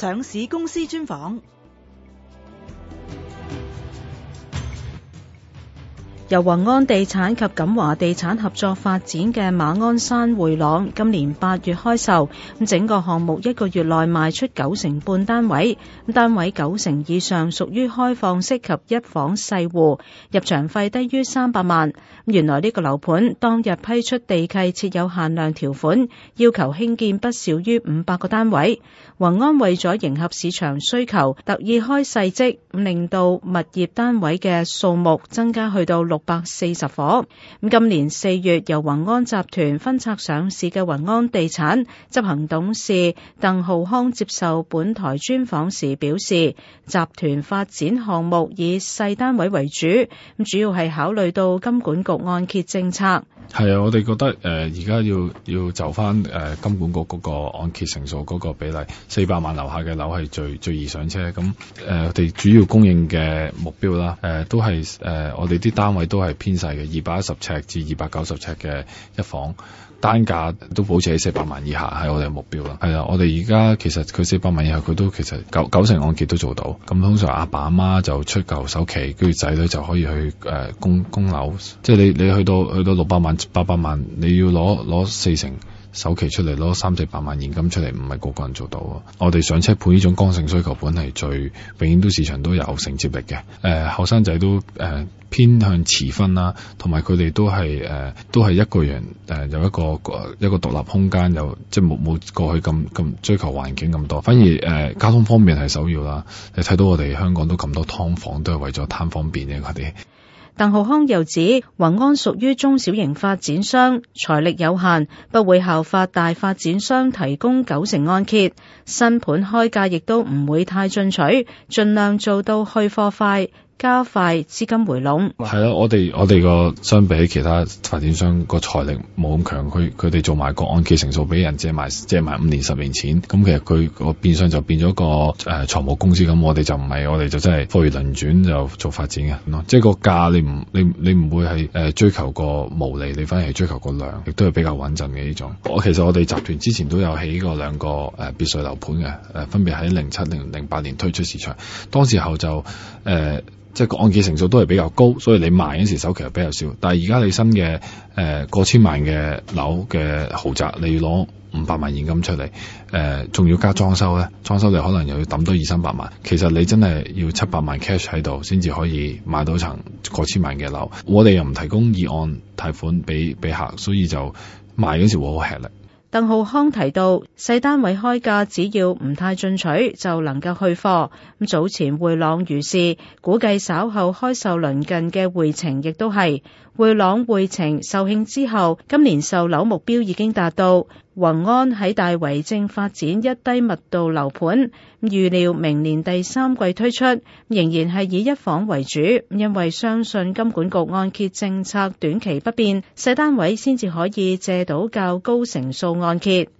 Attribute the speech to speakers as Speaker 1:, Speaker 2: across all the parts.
Speaker 1: 上市公司專訪。由宏安地產及錦華地產合作發展嘅馬鞍山薈朗今年八月開售，咁整個項目一個月內賣出九成半單位，咁單位九成以上屬於開放式及一房細戶，入場費低於三百萬。原來呢個樓盤當日批出地契設有限量條款，要求興建不少於五百個單位。宏安為咗迎合市場需求，特意開細則，令到物業單位嘅數目增加去到六百四十伙。咁今年四月由宏安集團分拆上市嘅宏安地產執行董事鄧灝康接受本台專訪時表示，集團發展項目以細單位為主，咁主要係考慮到金管局按揭政策。
Speaker 2: 係啊，我哋覺得誒而家，要要就翻誒金管局嗰個按揭成數嗰個比例，四百萬樓下嘅樓係最最易上車。咁誒、呃，我哋主要供應嘅目標啦，誒、呃、都係誒、呃、我哋啲單位。都係偏細嘅，二百一十尺至二百九十尺嘅一房，單價都保持喺四百萬以下係我哋嘅目標啦。係啊，我哋而家其實佢四百萬以下，佢都其實九九成按揭都做到。咁通常阿爸阿媽就出嚿首期，跟住仔女就可以去誒、呃、供供樓。即係你你去到去到六百萬八百萬，你要攞攞四成首期出嚟囉，三四百萬現金出嚟，唔係個個人做到啊！我哋上車盤呢種剛性需求本係最，永遠都市場都有承接力嘅。誒、呃，後生仔都誒、呃、偏向遲婚啦，同埋佢哋都係誒、呃，都係一個人誒、呃，有一個、呃、一個獨立空間，又即係冇冇過去咁咁追求環境咁多，反而誒、呃、交通方面係首要啦。你睇到我哋香港都咁多劏房，都係為咗貪方便嘅佢哋。
Speaker 1: 鄧灝康又指，宏安屬於中小型發展商，財力有限，不會效法大發展商提供九成按揭，新盤開價亦都唔會太進取，盡量做到去貨快。加快資金回籠係
Speaker 2: 咯、啊，我哋我哋個相比起其他發展商個財力冇咁強，佢佢哋做埋按揭成數俾人借埋借埋五年十年錢，咁、嗯、其實佢個變相就變咗個誒、呃、財務公司咁，我哋就唔係我哋就真係貨如輪轉就做發展嘅咯，即係、就是、個價你唔你你唔會係誒、呃、追求個毛利，你反而係追求個量，亦都係比較穩陣嘅呢種。我其實我哋集團之前都有起過兩個誒、呃、別墅樓盤嘅，誒、呃、分別喺零七零零八年推出市場，當時候就誒。呃呃呃即係個按揭成數都係比較高，所以你賣嗰時首期係比較少。但係而家你新嘅誒、呃、過千萬嘅樓嘅豪宅，你要攞五百萬現金出嚟，誒、呃、仲要加裝修咧，裝修你可能又要揼多二三百萬。其實你真係要七百萬 cash 喺度先至可以買到層過千萬嘅樓。我哋又唔提供二按貸款俾俾客，所以就賣嗰時會好吃力。
Speaker 1: 鄧灝康提到，細單位開價只要唔太進取就能夠去貨。咁早前薈朗如是，估計稍後開售鄰近嘅薈晴亦都係。薈朗薈晴售罄之後，今年售樓目標已經達到。宏安喺大圍正發展一低密度樓盤，預料明年第三季推出，仍然係以一房為主，因為相信金管局按揭政策短期不變，細單位先至可以借到較高成數按揭。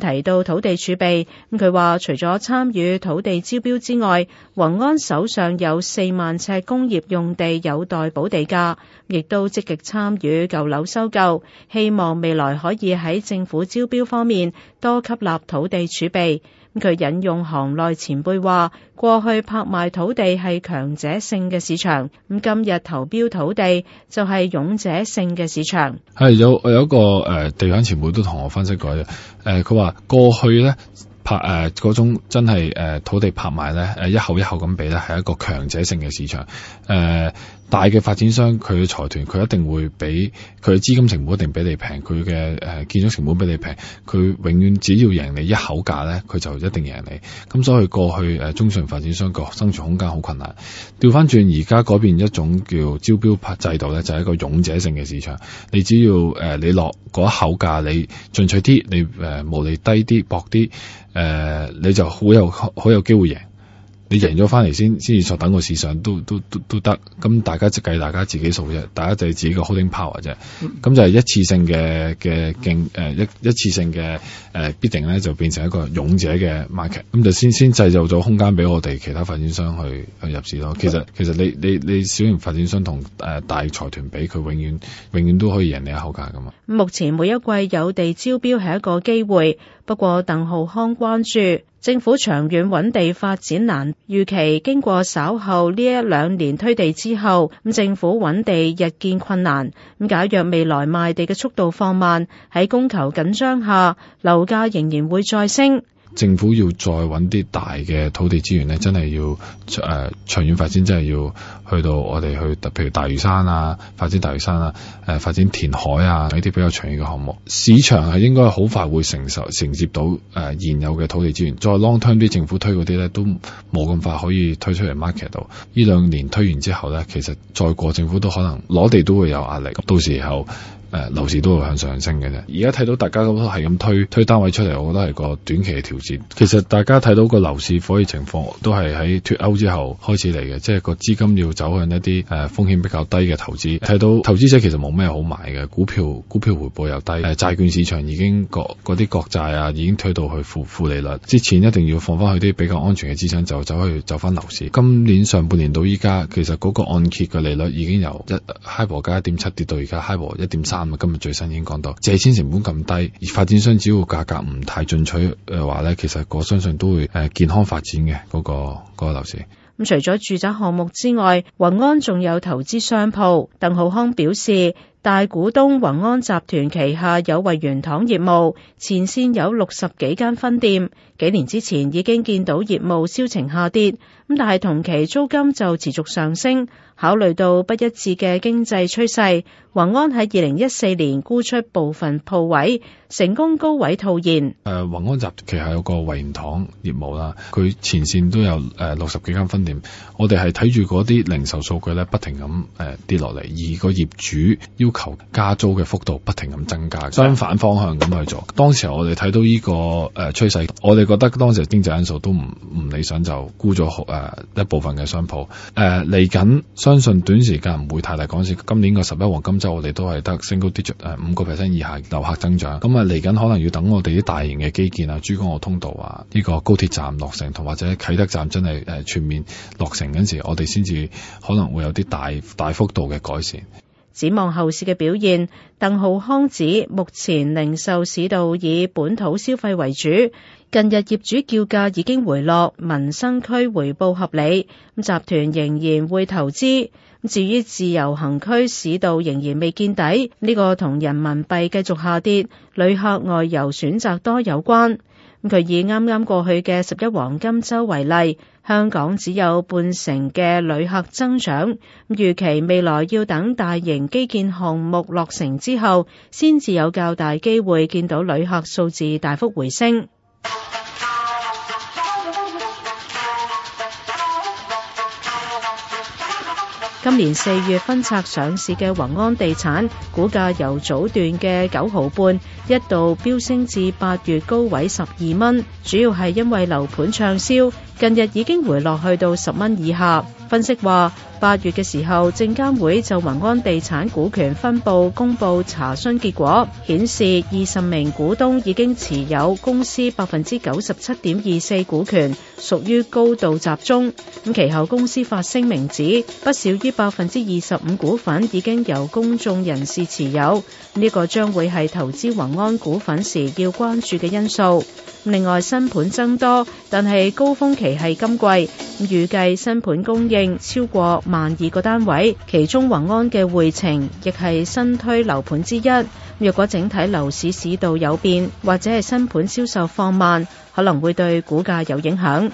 Speaker 1: 提到土地儲備，咁佢話除咗參與土地招標之外，宏安手上有四萬尺工業用地有待補地價，亦都積極參與舊樓收購，希望未來可以喺政府招標方面多吸納土地儲備。佢引用行內前輩話：過去拍賣土地係強者勝嘅市場，咁今日投標土地就係勇者勝嘅市場。
Speaker 2: 係有有一個誒、呃、地產前輩都同我分析過嘅，誒、呃，佢話過去咧拍誒嗰、呃、種真係誒、呃、土地拍賣咧，誒一口一口咁比咧，係一個強者勝嘅市場，誒、呃。大嘅發展商佢嘅財團佢一定會比佢嘅資金成本一定比你平，佢嘅誒建築成本比你平，佢永遠只要贏你一口價咧，佢就一定贏你。咁所以過去誒、呃、中信發展商個生存空間好困難。調翻轉而家改變一種叫招標拍制度咧，就係、是、一個勇者性嘅市場。你只要誒你落嗰一口價，你進取啲，你誒、呃、毛利低啲，薄啲，誒、呃、你就好有好有機會贏。你贏咗翻嚟先，先至坐等個市場都都都都得。咁、嗯嗯、大家即係大家自己數啫，大家就係自己個 holding power 啫。咁、嗯嗯、就係一次性嘅嘅競誒一一次性嘅誒，必定咧就變成一個勇者嘅 market。咁就先先製造咗空間俾我哋其他發展商去去入市咯。其實其實你你你，你小型發展商同誒大財團比，佢永遠永遠都可以贏你一口價噶嘛。
Speaker 1: 目前每一季有地招標係一個機會，不過鄧灝康關注。政府長遠揾地發展難，預期經過稍後呢一兩年推地之後，政府揾地日漸困難。假若未來賣地嘅速度放慢，喺供求緊張下，樓價仍然會再升。
Speaker 2: 政府要再揾啲大嘅土地資源咧，真係要誒、呃、長遠發展，真係要去到我哋去，譬如大嶼山啊，發展大嶼山啊，誒、呃、發展填海啊，呢啲比較長遠嘅項目，市場係應該好快會承受承接到誒、呃、現有嘅土地資源，再 long term 啲政府推嗰啲咧都冇咁快可以推出嚟 market 度。呢兩年推完之後咧，其實再過政府都可能攞地都會有壓力，到時候。誒樓市都會向上升嘅啫，而家睇到大家都係咁推推單位出嚟，我覺得係個短期嘅調節。其實大家睇到個樓市火熱情況，都係喺脫歐之後開始嚟嘅，即係個資金要走向一啲誒、呃、風險比較低嘅投資。睇、呃、到投資者其實冇咩好買嘅，股票股票回報又低，誒、呃、債券市場已經國嗰啲國債啊已經推到去負負利率，之前一定要放翻去啲比較安全嘅資產，就走去走翻樓市。今年上半年到依家，其實嗰個按揭嘅利率已經由一 HIBOR 加一點七跌到而家 HIBOR 一點三。咁啊，今日最新已經講到，借錢成本咁低，而發展商只要價格唔太進取嘅話咧，其實我相信都會誒健康發展嘅嗰個嗰個樓市。
Speaker 1: 咁除咗住宅項目之外，宏安仲有投資商鋪。鄧灝康表示。大股東宏安集團旗下有位元堂業務，前線有六十幾間分店，幾年之前已經見到業務銷情下跌，咁但係同期租金就持續上升。考慮到不一致嘅經濟趨勢，宏安喺二零一四年沽出部分鋪位，成功高位套現。
Speaker 2: 誒，宏安集團旗下有個位元堂業務啦，佢前線都有誒六十幾間分店，我哋係睇住嗰啲零售數據咧，不停咁誒跌落嚟，而個業主要求加租嘅幅度不停咁增加，相反方向咁去做。當時我哋睇到呢、這個誒趨勢，我哋覺得當時經濟因素都唔唔理想，就沽咗好、呃、一部分嘅商鋪。誒嚟緊相信短時間唔會太大改善。今年個十一黃金周，我哋都係得 single digit 五個 percent 以下，遊客增長。咁啊嚟緊可能要等我哋啲大型嘅基建啊，珠江河通道啊，呢、這個高鐵站落成，同或者啟德站真係誒、呃、全面落成陣時我哋先至可能會有啲大大幅度嘅改善。
Speaker 1: 展望後市嘅表現，鄧灝康指目前零售市道以本土消費為主，近日業主叫價已經回落，民生區回報合理，集團仍然會投資。至於自由行區市道仍然未見底，呢個同人民幣繼續下跌、旅客外遊選擇多有關。佢以啱啱過去嘅十一黃金周為例，香港只有半成嘅旅客增長，預期未來要等大型基建項目落成之後，先至有較大機會見到旅客數字大幅回升。今年四月分拆上市嘅宏安地產，股價由早段嘅九毫半一度飆升至八月高位十二蚊，主要係因為樓盤暢銷，近日已經回落去到十蚊以下。分析話。八月嘅時候，證監會就宏安地產股權分佈公佈查詢結果，顯示二十名股東已經持有公司百分之九十七點二四股權，屬於高度集中。咁其後公司發聲明指，不少於百分之二十五股份已經由公眾人士持有，呢個將會係投資宏安股份時要關注嘅因素。另外新盤增多，但係高峰期係今季，預計新盤供應超過萬二個單位，其中宏安嘅薈晴亦係新推樓盤之一。若果整體樓市市道有變，或者係新盤銷售放慢，可能會對股價有影響。